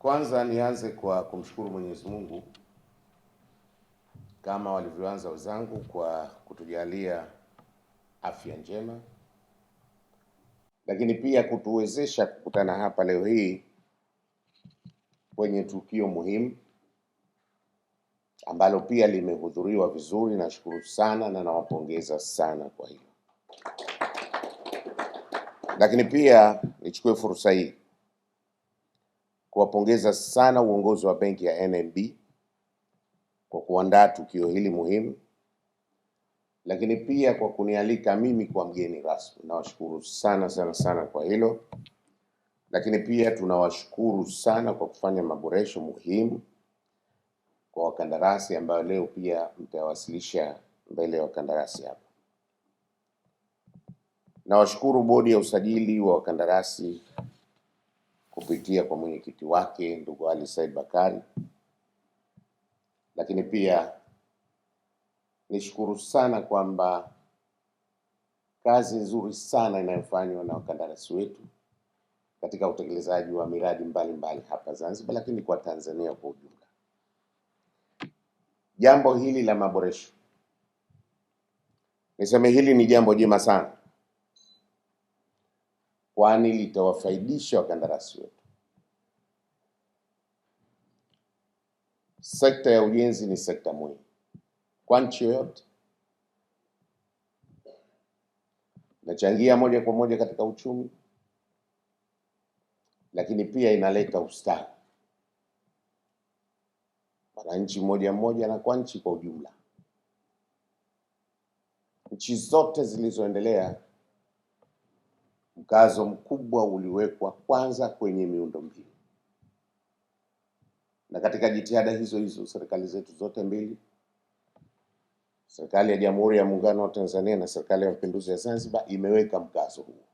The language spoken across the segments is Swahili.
Kwanza nianze kwa kumshukuru Mwenyezi Mungu kama walivyoanza wenzangu kwa kutujalia afya njema, lakini pia kutuwezesha kukutana hapa leo hii kwenye tukio muhimu ambalo pia limehudhuriwa vizuri. Nashukuru sana na nawapongeza sana kwa hiyo, lakini pia nichukue fursa hii kuwapongeza sana uongozi wa benki ya NMB kwa kuandaa tukio hili muhimu, lakini pia kwa kunialika mimi kwa mgeni rasmi. Nawashukuru sana sana sana kwa hilo, lakini pia tunawashukuru sana kwa kufanya maboresho muhimu kwa wakandarasi ambayo leo pia mtawasilisha mbele ya wakandarasi hapa. Nawashukuru bodi ya usajili wa wakandarasi kupitia kwa mwenyekiti wake ndugu Ali Said Bakari, lakini pia nishukuru sana kwamba kazi nzuri sana inayofanywa na wakandarasi wetu katika utekelezaji wa miradi mbalimbali mbali hapa Zanzibar, lakini kwa Tanzania kwa ujumla. Jambo hili la maboresho, niseme hili ni jambo jema sana kwani litawafaidisha wakandarasi wetu. Sekta ya ujenzi ni sekta muhimu kwa nchi yoyote, inachangia moja kwa moja katika uchumi, lakini pia inaleta ustawi wananchi mmoja mmoja na kwa nchi kwa ujumla. Nchi zote zilizoendelea mkazo mkubwa uliwekwa kwanza kwenye miundombinu, na katika jitihada hizo hizo serikali zetu zote mbili, serikali ya Jamhuri ya Muungano wa Tanzania na serikali ya Mapinduzi ya Zanzibar imeweka mkazo huo.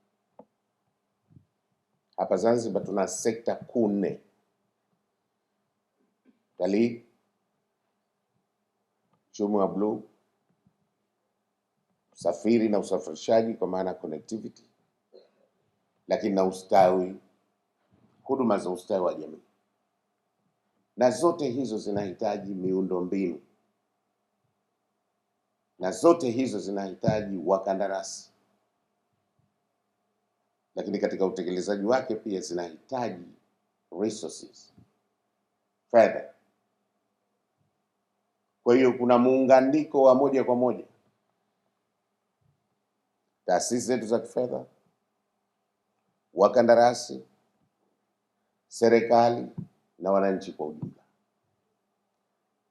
Hapa Zanzibar tuna sekta kuu nne: utalii, uchumi wa bluu, usafiri na usafirishaji kwa maana connectivity lakini na ustawi, huduma za ustawi wa jamii, na zote hizo zinahitaji miundombinu na zote hizo zinahitaji wakandarasi, lakini katika utekelezaji wake pia zinahitaji resources, fedha. Kwa hiyo kuna muunganiko wa moja kwa moja taasisi zetu za kifedha wakandarasi, serikali na wananchi kwa ujumla.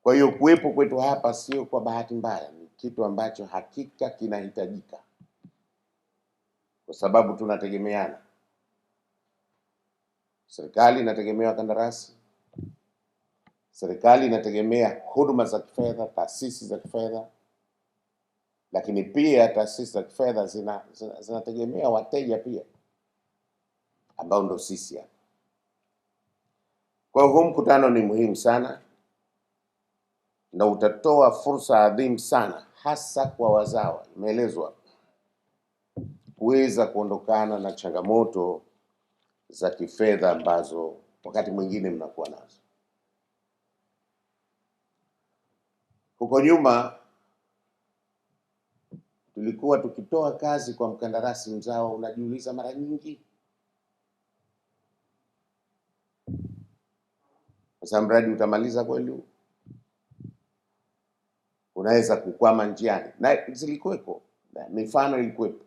Kwa hiyo kuwepo kwetu hapa sio kwa bahati mbaya, ni kitu ambacho hakika kinahitajika, kwa sababu tunategemeana. Serikali inategemea wakandarasi, serikali inategemea huduma za kifedha, taasisi za kifedha, lakini pia taasisi za kifedha zinategemea zina, zina wateja pia ambao ndo sisi hapa. Kwa hiyo huu mkutano ni muhimu sana na utatoa fursa adhimu sana, hasa kwa wazawa, imeelezwa kuweza kuondokana na changamoto za kifedha ambazo wakati mwingine mnakuwa nazo. Huko nyuma tulikuwa tukitoa kazi kwa mkandarasi mzawa, unajiuliza mara nyingi Sasa mradi utamaliza kweli? Unaweza kukwama njiani, na zilikuwepo mifano ilikuwepo.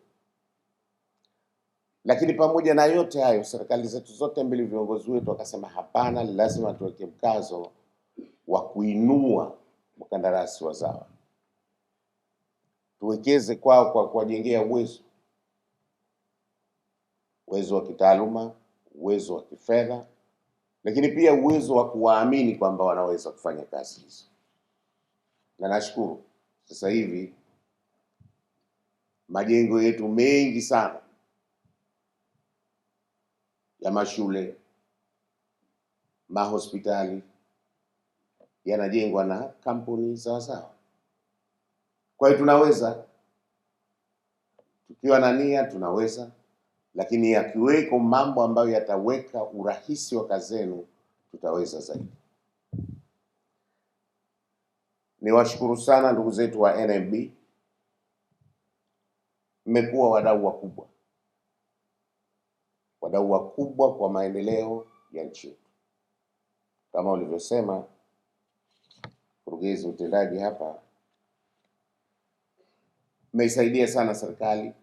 Lakini pamoja na yote hayo, serikali zetu zote mbili, viongozi wetu wakasema hapana, lazima tuweke mkazo wa kuinua wa wazawa, tuwekeze kwao kwa kuwajengea uwezo, uwezo wa kitaaluma, uwezo wa kifedha lakini pia uwezo wa kuwaamini kwamba wanaweza kufanya kazi hizo, na nashukuru sasa hivi majengo yetu mengi sana ya mashule, mahospitali yanajengwa na kampuni sawasawa. Kwa hiyo tunaweza tukiwa na nia, tunaweza lakini yakiweko mambo ambayo yataweka urahisi wa kazi zenu, tutaweza zaidi. Niwashukuru sana ndugu zetu wa NMB, mmekuwa wadau wakubwa, wadau wakubwa kwa maendeleo ya nchi yetu. Kama ulivyosema mkurugenzi mtendaji hapa, mmeisaidia sana serikali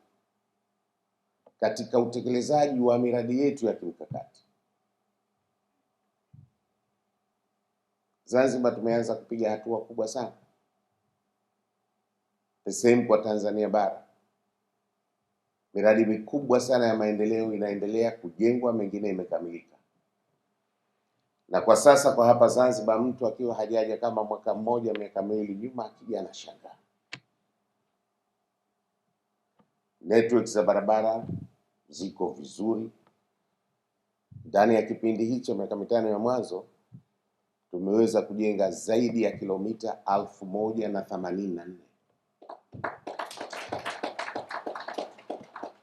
katika utekelezaji wa miradi yetu ya kimkakati. Zanzibar tumeanza kupiga hatua kubwa sana, the same kwa Tanzania bara. Miradi mikubwa sana ya maendeleo inaendelea kujengwa, mengine imekamilika. Na kwa sasa kwa hapa Zanzibar, mtu akiwa hajaja kama mwaka mmoja miaka miwili nyuma, akija anashangaa network za barabara ziko vizuri. Ndani ya kipindi hicho miaka mitano ya mwanzo tumeweza kujenga zaidi ya kilomita elfu moja na themanini na nne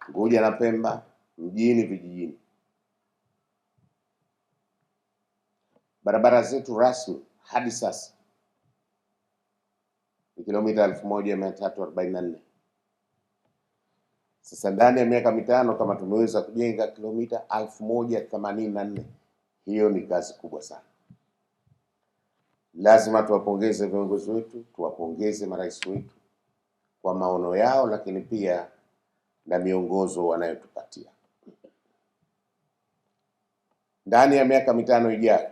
Nguja na Pemba, mjini, vijijini. Barabara zetu rasmi hadi sasa ni kilomita elfu moja mia tatu arobaini na nne. Sasa ndani ya miaka mitano kama tumeweza kujenga kilomita elfu moja themanini na nne hiyo ni kazi kubwa sana. Lazima tuwapongeze viongozi wetu, tuwapongeze marais wetu kwa maono yao, lakini pia na miongozo wanayotupatia ndani ya miaka mitano ijayo.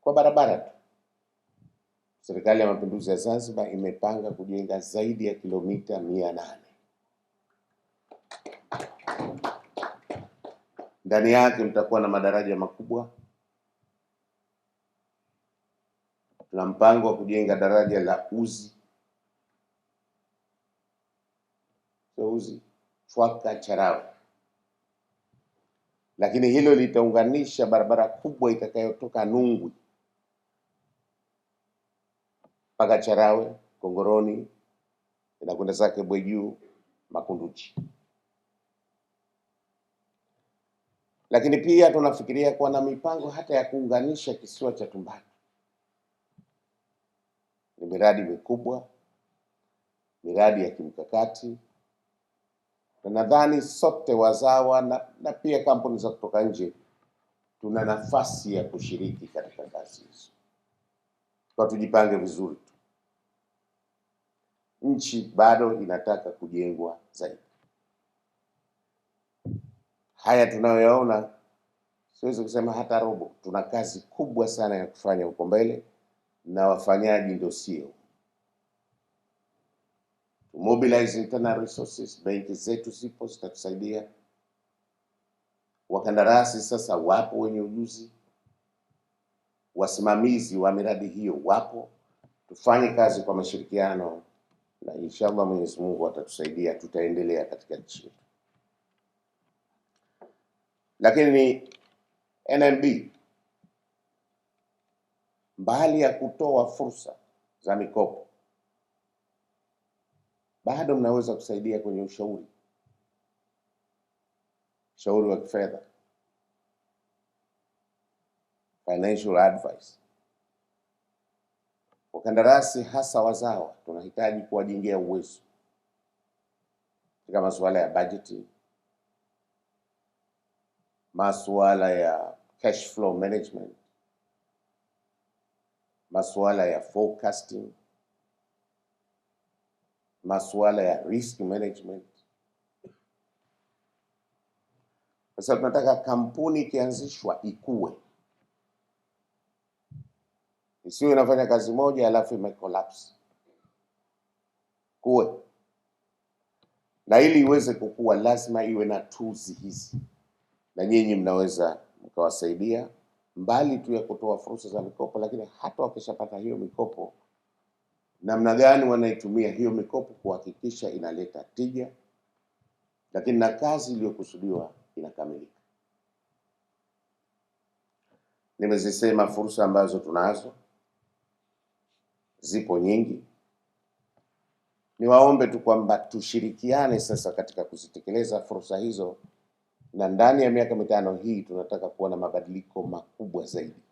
Kwa barabara tu, Serikali ya Mapinduzi ya Zanzibar imepanga kujenga zaidi ya kilomita mia nane ndani yake mtakuwa na madaraja makubwa. Tuna mpango wa kujenga daraja la Uzi so Uzi Chwaka Charawe, lakini hilo litaunganisha barabara kubwa itakayotoka Nungwi mpaka Charawe, Kongoroni inakwenda zake Bwejuu Makunduchi. lakini pia tunafikiria kuwa na mipango hata ya kuunganisha kisiwa cha Tumbatu. Ni miradi mikubwa, miradi ya kimkakati, na nadhani sote wazawa na, na pia kampuni za kutoka nje tuna nafasi ya kushiriki katika kazi hizo, kwa tujipange vizuri tu. Nchi bado inataka kujengwa zaidi haya tunayoyaona, siwezi kusema hata robo. Tuna kazi kubwa sana ya kufanya huko mbele, na wafanyaji ndio sio to mobilize internal resources. Benki zetu zipo zitatusaidia, wakandarasi sasa wapo wenye ujuzi, wasimamizi wa miradi hiyo wapo. Tufanye kazi kwa mashirikiano, na inshallah Mwenyezi Mungu atatusaidia, tutaendelea katika nchi lakini ni NMB, mbali ya kutoa fursa za mikopo, bado mnaweza kusaidia kwenye ushauri, ushauri wa kifedha, financial advice. Wakandarasi hasa wazawa, tunahitaji kuwajengea uwezo katika masuala ya budgeting masuala ya cash flow management, masuala ya forecasting, masuala ya risk management. Sasa tunataka kampuni ikianzishwa ikue, isiwe inafanya kazi moja alafu imekolapsi Kuwe na ili iweze kukua, lazima iwe na tools hizi na nyinyi mnaweza mkawasaidia mbali tu ya kutoa fursa za mikopo, lakini hata wakishapata hiyo mikopo, namna gani wanaitumia hiyo mikopo kuhakikisha inaleta tija, lakini na kazi iliyokusudiwa inakamilika. Nimezisema fursa ambazo tunazo, zipo nyingi. Niwaombe tu kwamba tushirikiane sasa katika kuzitekeleza fursa hizo na ndani ya miaka mitano hii tunataka kuona mabadiliko makubwa zaidi.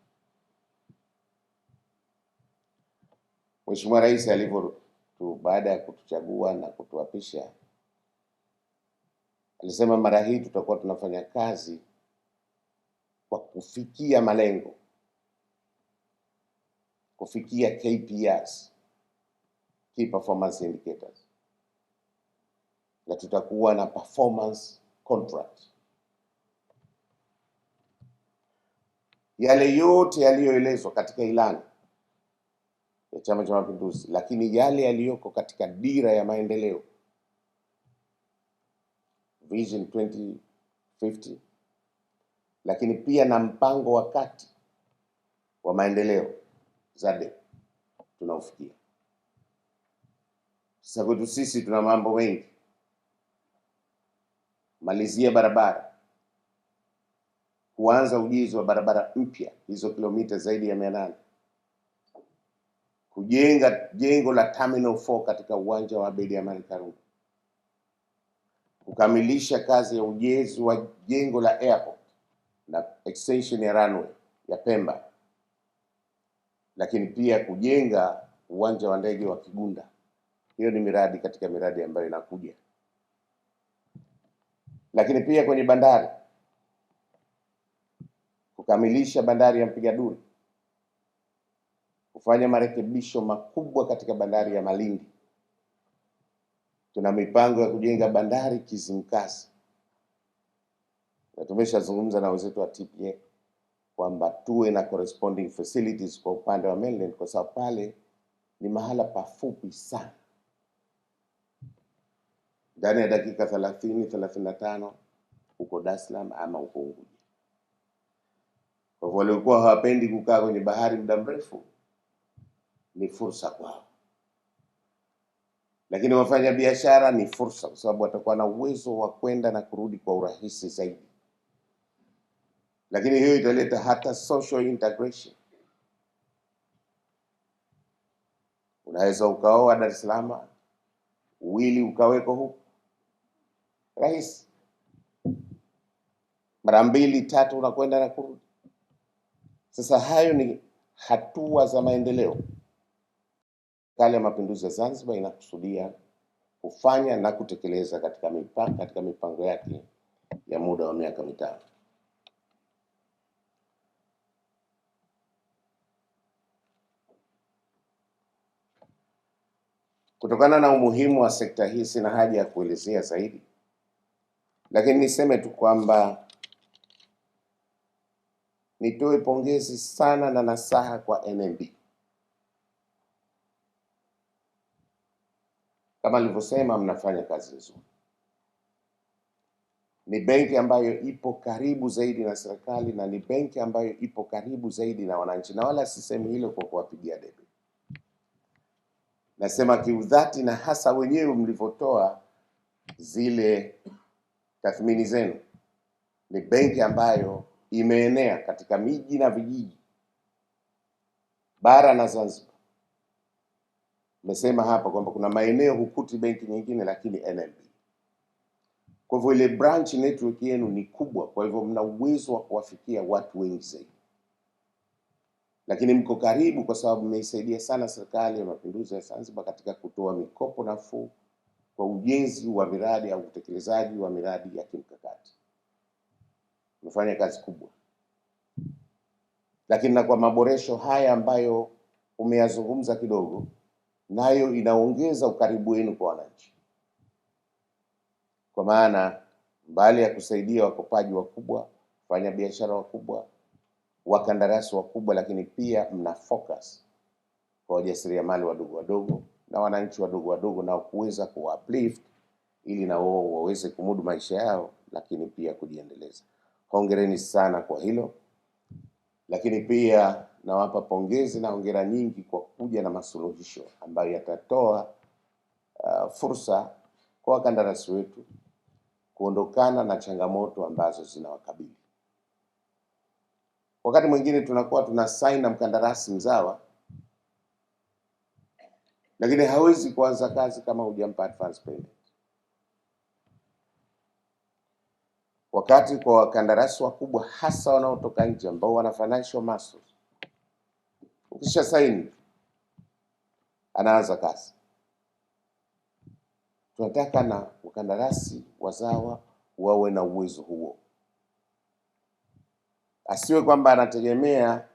Mheshimiwa Rais alivyo tu baada ya kutuchagua na kutuapisha, alisema mara hii tutakuwa tunafanya kazi kwa kufikia malengo, kufikia KPIs, key performance indicators, na tutakuwa na performance contract yale yote yaliyoelezwa katika ilani ya Chama cha Mapinduzi, lakini yale yaliyoko katika dira ya maendeleo Vision 2050, lakini pia na mpango wa kati wa maendeleo zade tunaofikia sasa. Kwetu sisi tuna mambo mengi, malizia barabara kuanza ujenzi wa barabara mpya hizo kilomita zaidi ya mia nane kujenga jengo la Terminal 4 katika uwanja wa Abedi Amani Karume, kukamilisha kazi ya ujenzi wa jengo la airport na extension ya runway ya Pemba, lakini pia kujenga uwanja wa ndege wa Kigunda. Hiyo ni miradi katika miradi ambayo inakuja, lakini pia kwenye bandari kukamilisha bandari ya mpiga duri kufanya marekebisho makubwa katika bandari ya Malindi. Tuna mipango ya kujenga bandari Kizimkazi, na tumeshazungumza na wenzetu wa TPA kwamba tuwe na corresponding facilities kwa upande wa mainland, kwa sababu pale ni mahala pafupi sana. Ndani ya dakika 30 35 na uko Dar es Salaam ama uko Unguja. Kwa hivyo waliokuwa hawapendi kukaa kwenye bahari muda mrefu ni fursa kwao, lakini wafanya biashara ni fursa, kwa sababu watakuwa na uwezo wa kwenda na kurudi kwa urahisi zaidi. Lakini hiyo italeta hata social integration. Unaweza ukaoa Dar es Salaam, uwili ukaweko huku rahisi, mara mbili tatu unakwenda na kurudi sasa hayo ni hatua za maendeleo. Serikali ya Mapinduzi ya Zanzibar inakusudia kufanya na kutekeleza katika mipango, katika mipango yake ya muda wa miaka mitano. Kutokana na umuhimu wa sekta hii, sina haja ya kuelezea zaidi, lakini niseme tu kwamba nitoe pongezi sana na nasaha kwa nmb Kama nilivyosema, mnafanya kazi nzuri. Ni benki ambayo ipo karibu zaidi na serikali na ni benki ambayo ipo karibu zaidi na wananchi, na wala sisemi hilo kwa kuwapigia debe, nasema kiudhati, na hasa wenyewe mlivyotoa zile tathmini zenu, ni benki ambayo imeenea katika miji na vijiji bara na Zanzibar. Nimesema hapa kwamba kuna maeneo hukuti benki nyingine, lakini NMB. Kwa hivyo ile branch network yenu ni kubwa, kwa hivyo mna uwezo wa kuwafikia watu wengi zaidi, lakini mko karibu, kwa sababu mmeisaidia sana Serikali ya Mapinduzi ya Zanzibar katika kutoa mikopo nafuu kwa ujenzi wa miradi au utekelezaji wa miradi ya kimkakati umefanya kazi kubwa, lakini na kwa maboresho haya ambayo umeyazungumza kidogo, nayo inaongeza ukaribu wenu kwa wananchi, kwa maana mbali ya kusaidia wakopaji wakubwa, wafanyabiashara wakubwa, wakandarasi wakubwa, lakini pia mna focus kwa wajasiriamali wadogo wadogo na wananchi wadogo wadogo, na kuweza kuwa uplift ili na wao waweze kumudu maisha yao, lakini pia kujiendeleza hongereni sana kwa hilo. Lakini pia nawapa pongezi na hongera nyingi kwa kuja na masuluhisho ambayo yatatoa uh, fursa kwa wakandarasi wetu kuondokana na changamoto ambazo zinawakabili. Wakati mwingine tunakuwa tuna sain na mkandarasi mzawa, lakini hawezi kuanza kazi kama hujampa advance payment. wakati kwa wakandarasi wakubwa hasa wanaotoka nje ambao wana financial muscle, ukisha saini anaanza kazi. Tunataka na wakandarasi wazawa wawe na uwezo huo, asiwe kwamba anategemea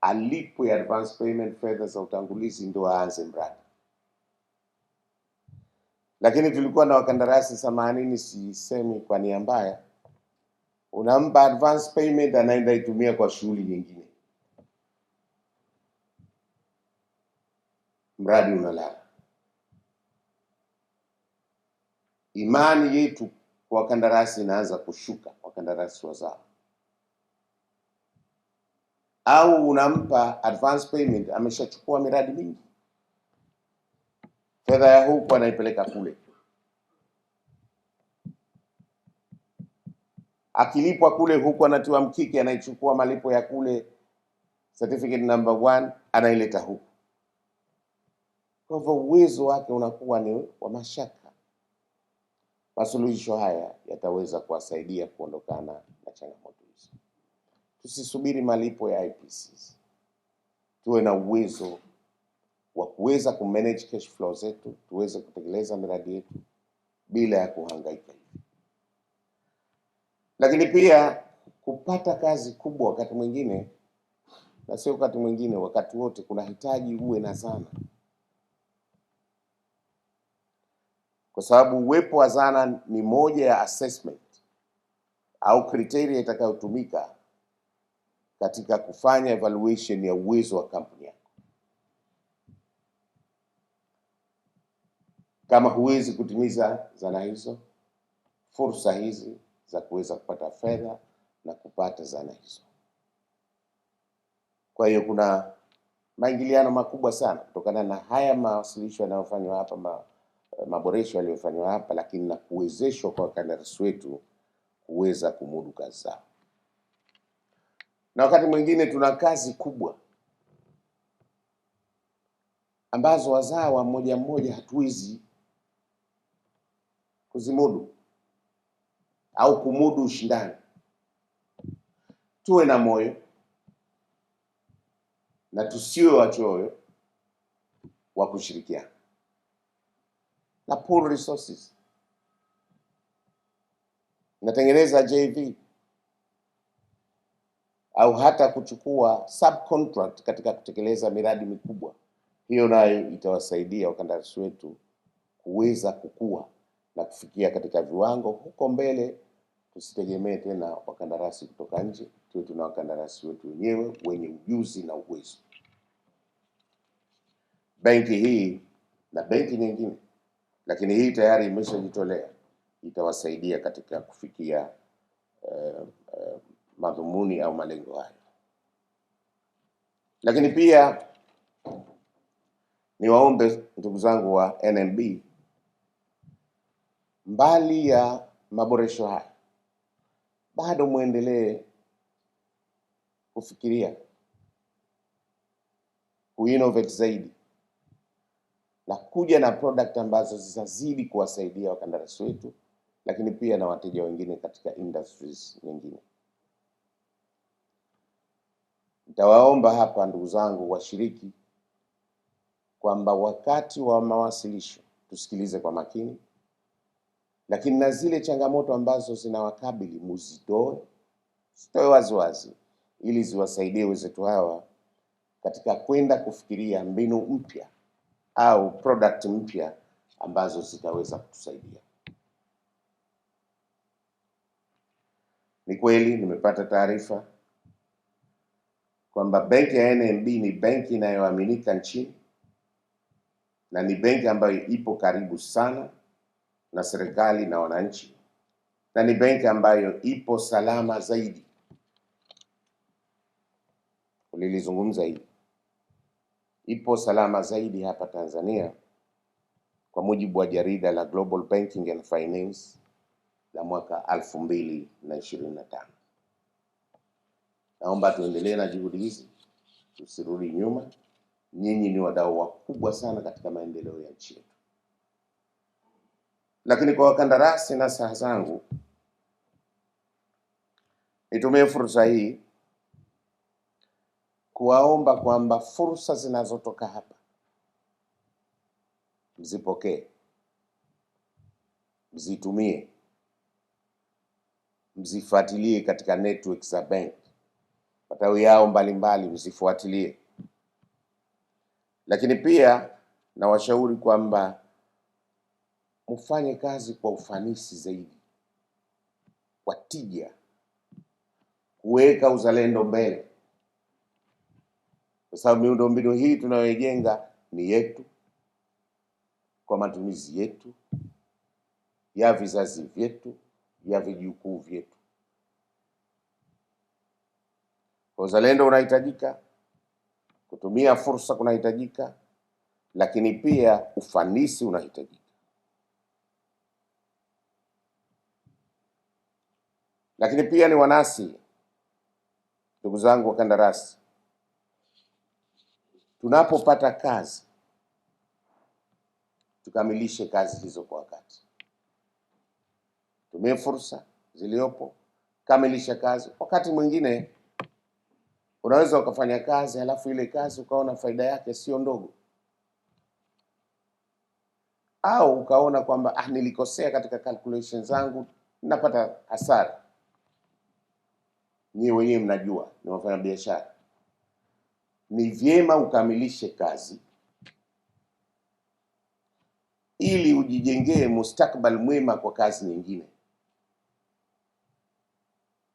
alipwe advance payment fedha za utangulizi ndio aanze mradi lakini tulikuwa na wakandarasi themanini, sisemi kwa nia mbaya. Unampa advance payment, anaenda itumia kwa shughuli nyingine, mradi unalala. Imani yetu kwa wakandarasi inaanza kushuka, wakandarasi wazao au unampa advance payment, ameshachukua miradi mingi fedha ya huku anaipeleka kule. Akilipwa kule, huku anatiwa mkiki, anaichukua malipo ya kule, certificate number one anaileta huku. Kwa hivyo uwezo wake unakuwa ni wa mashaka. Masuluhisho haya yataweza kuwasaidia kuondokana na changamoto hizo. Tusisubiri malipo ya IPCs, tuwe na uwezo wa kuweza kumanage cash flow zetu tuweze kutekeleza miradi yetu bila ya kuhangaika hivi, lakini pia kupata kazi kubwa wakati mwingine, na sio wakati mwingine, wakati wote kuna hitaji uwe na zana, kwa sababu uwepo wa zana ni moja ya assessment au kriteria itakayotumika katika kufanya evaluation ya uwezo wa kampuni. Kama huwezi kutimiza zana hizo, fursa hizi za kuweza kupata fedha na kupata zana hizo. Kwa hiyo kuna maingiliano makubwa sana kutokana na haya mawasilisho yanayofanywa hapa ma, maboresho yaliyofanywa hapa, lakini na kuwezeshwa kwa wakandarasi wetu kuweza kumudu kazi zao. Na wakati mwingine tuna kazi kubwa ambazo wazawa mmoja mmoja hatuwezi kuzimudu au kumudu ushindani. Tuwe na moyo na tusiwe wachoyo wa kushirikiana na pool resources. Natengeneza JV au hata kuchukua subcontract katika kutekeleza miradi mikubwa. Hiyo nayo itawasaidia wakandarasi wetu kuweza kukua na kufikia katika viwango huko mbele, tusitegemee tena wakandarasi kutoka nje, tuwe tuna wakandarasi wetu wenyewe wenye ujuzi na uwezo. Benki hii na benki nyingine, lakini hii tayari imeshajitolea, itawasaidia katika kufikia eh, eh, madhumuni au malengo hayo. Lakini pia niwaombe ndugu zangu wa NMB mbali ya maboresho haya, bado mwendelee kufikiria kuinnovate zaidi na kuja na product ambazo zitazidi kuwasaidia wakandarasi wetu, lakini pia na wateja wengine katika industries nyingine. Nitawaomba hapa ndugu zangu washiriki kwamba wakati wa mawasilisho tusikilize kwa makini lakini na zile changamoto ambazo zinawakabili muzitoe, zitoe waziwazi, ili ziwasaidie wenzetu hawa katika kwenda kufikiria mbinu mpya au product mpya ambazo zitaweza kutusaidia. Ni kweli nimepata taarifa kwamba benki ya NMB ni benki inayoaminika nchini na ni benki ambayo ipo karibu sana na serikali na wananchi, na ni benki ambayo ipo salama zaidi. Ulilizungumza hili, ipo salama zaidi hapa Tanzania kwa mujibu wa jarida la Global Banking and Finance la mwaka 2025. Naomba tuendelee na juhudi hizi, tusirudi nyuma. Nyinyi ni wadau wakubwa sana katika maendeleo ya nchi yetu. Lakini kwa wakandarasi na saha zangu, nitumie fursa hii kuwaomba kwamba fursa zinazotoka hapa mzipokee, mzitumie, mzifuatilie katika network za benki, matawi yao mbalimbali mzifuatilie, lakini pia nawashauri kwamba mfanye kazi kwa ufanisi zaidi, kwa tija, kuweka uzalendo mbele, kwa sababu miundombinu hii tunayoijenga ni yetu, kwa matumizi yetu, ya vizazi vyetu, ya vijukuu vyetu. Kwa uzalendo unahitajika, kutumia fursa kunahitajika, lakini pia ufanisi unahitajika. Lakini pia ni wanasi, ndugu zangu wakandarasi, tunapopata kazi tukamilishe kazi hizo kwa wakati. Tumie fursa ziliyopo kamilisha kazi. Wakati mwingine unaweza ukafanya kazi halafu ile kazi ukaona faida yake sio ndogo, au ukaona kwamba ah, nilikosea katika calculation zangu, napata hasara nyie wenyewe mnajua ni wafanyabiashara, ni vyema ukamilishe kazi ili ujijengee mustakbal mwema kwa kazi nyingine.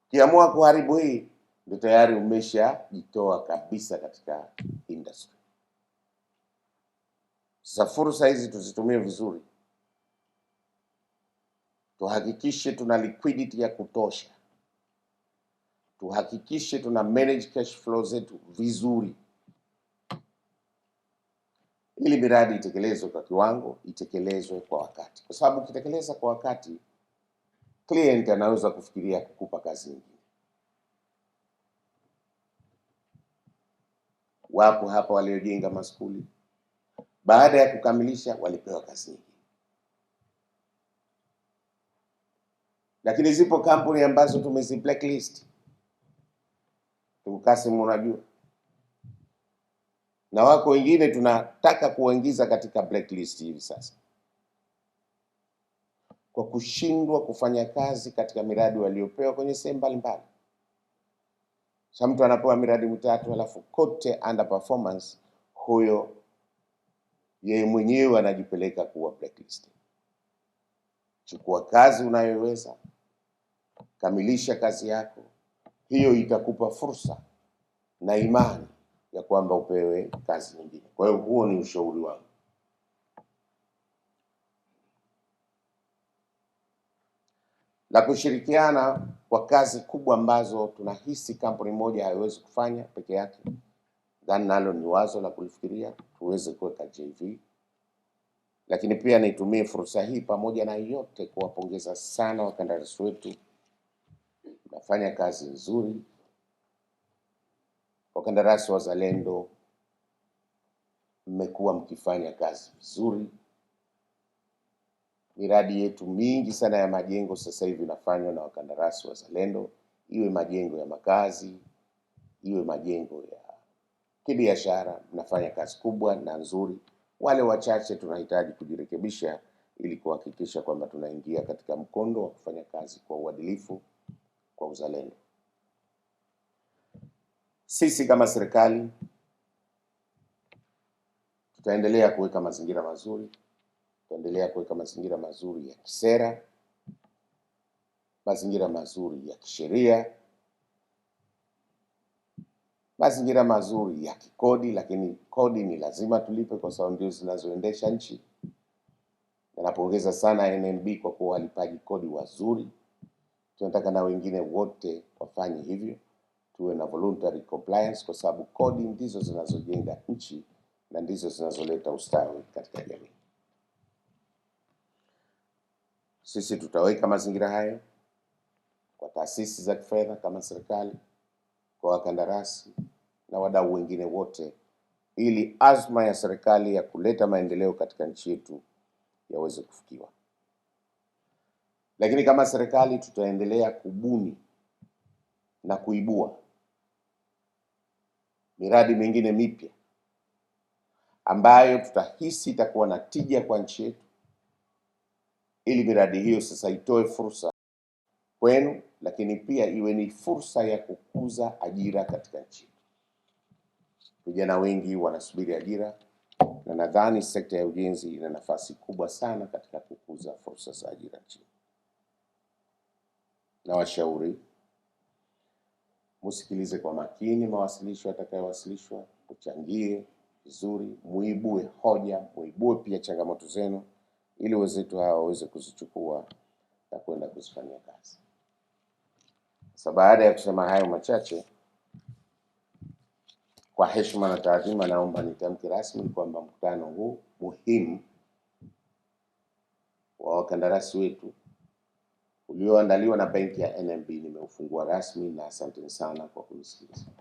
Ukiamua kuharibu hii, ndo tayari umeshajitoa kabisa katika industry. Sasa fursa hizi tuzitumie vizuri, tuhakikishe tuna liquidity ya kutosha tuhakikishe tuna manage cash flow zetu vizuri, ili miradi itekelezwe kwa kiwango, itekelezwe kwa wakati, kwa sababu ukitekeleza kwa wakati, client anaweza kufikiria kukupa kazi nyingine. Wapo hapa waliojenga maskuli, baada ya kukamilisha walipewa kazi nyingine. Lakini zipo kampuni ambazo tumezi blacklist Tukukasimu unajua, na wako wengine tunataka kuwaingiza katika blacklist hivi sasa kwa kushindwa kufanya kazi katika miradi waliopewa kwenye sehemu mbalimbali. Sasa mtu anapewa miradi mitatu alafu kote under performance, huyo yeye mwenyewe anajipeleka kuwa blacklist. Chukua kazi unayoweza, kamilisha kazi yako, hiyo itakupa fursa na imani ya kwamba upewe kazi nyingine. Kwa hiyo huo ni ushauri wangu. La kushirikiana kwa kazi kubwa ambazo tunahisi kampuni moja haiwezi kufanya peke yake, dhani nalo ni wazo la kulifikiria, tuweze kuweka JV. Lakini pia nitumie fursa hii pamoja na yote kuwapongeza sana wakandarasi wetu unafanya kazi nzuri. Wakandarasi wazalendo, mmekuwa mkifanya kazi vizuri. Miradi yetu mingi sana ya majengo sasa hivi inafanywa na wakandarasi wazalendo, iwe majengo ya makazi, iwe majengo ya kibiashara. Mnafanya kazi kubwa na nzuri. Wale wachache tunahitaji kujirekebisha ili kuhakikisha kwamba tunaingia katika mkondo wa kufanya kazi kwa uadilifu kwa uzalendo. Sisi kama serikali tutaendelea kuweka mazingira mazuri, tutaendelea kuweka mazingira mazuri ya kisera, mazingira mazuri ya kisheria, mazingira mazuri ya kikodi, lakini kodi ni lazima tulipe kwa sababu ndio zinazoendesha nchi. Napongeza sana NMB kwa kuwa walipaji kodi wazuri tunataka na wengine wote wafanye hivyo, tuwe na voluntary compliance, kwa sababu kodi ndizo zinazojenga nchi na ndizo zinazoleta ustawi katika jamii. Sisi tutaweka mazingira hayo kwa taasisi za kifedha kama serikali, kwa wakandarasi na wadau wengine wote, ili azma ya serikali ya kuleta maendeleo katika nchi yetu yaweze kufikiwa. Lakini kama serikali tutaendelea kubuni na kuibua miradi mingine mipya ambayo tutahisi itakuwa na tija kwa nchi yetu, ili miradi hiyo sasa itoe fursa kwenu, lakini pia iwe ni fursa ya kukuza ajira katika nchi yetu. Vijana wengi wanasubiri ajira na nadhani sekta ya ujenzi ina nafasi kubwa sana katika kukuza fursa za ajira nchini na washauri, musikilize kwa makini mawasilisho yatakayowasilishwa, muchangie vizuri, muibue hoja, muibue pia changamoto zenu, ili wenzetu hawa waweze kuzichukua na kwenda kuzifanyia kazi. Sasa baada ya kusema hayo machache, kwa heshima na taadhima, naomba nitamki rasmi kwamba mkutano huu muhimu wa wakandarasi wetu ulioandaliwa na benki ya NMB nimeufungua rasmi, na asanteni sana kwa kunisikiliza.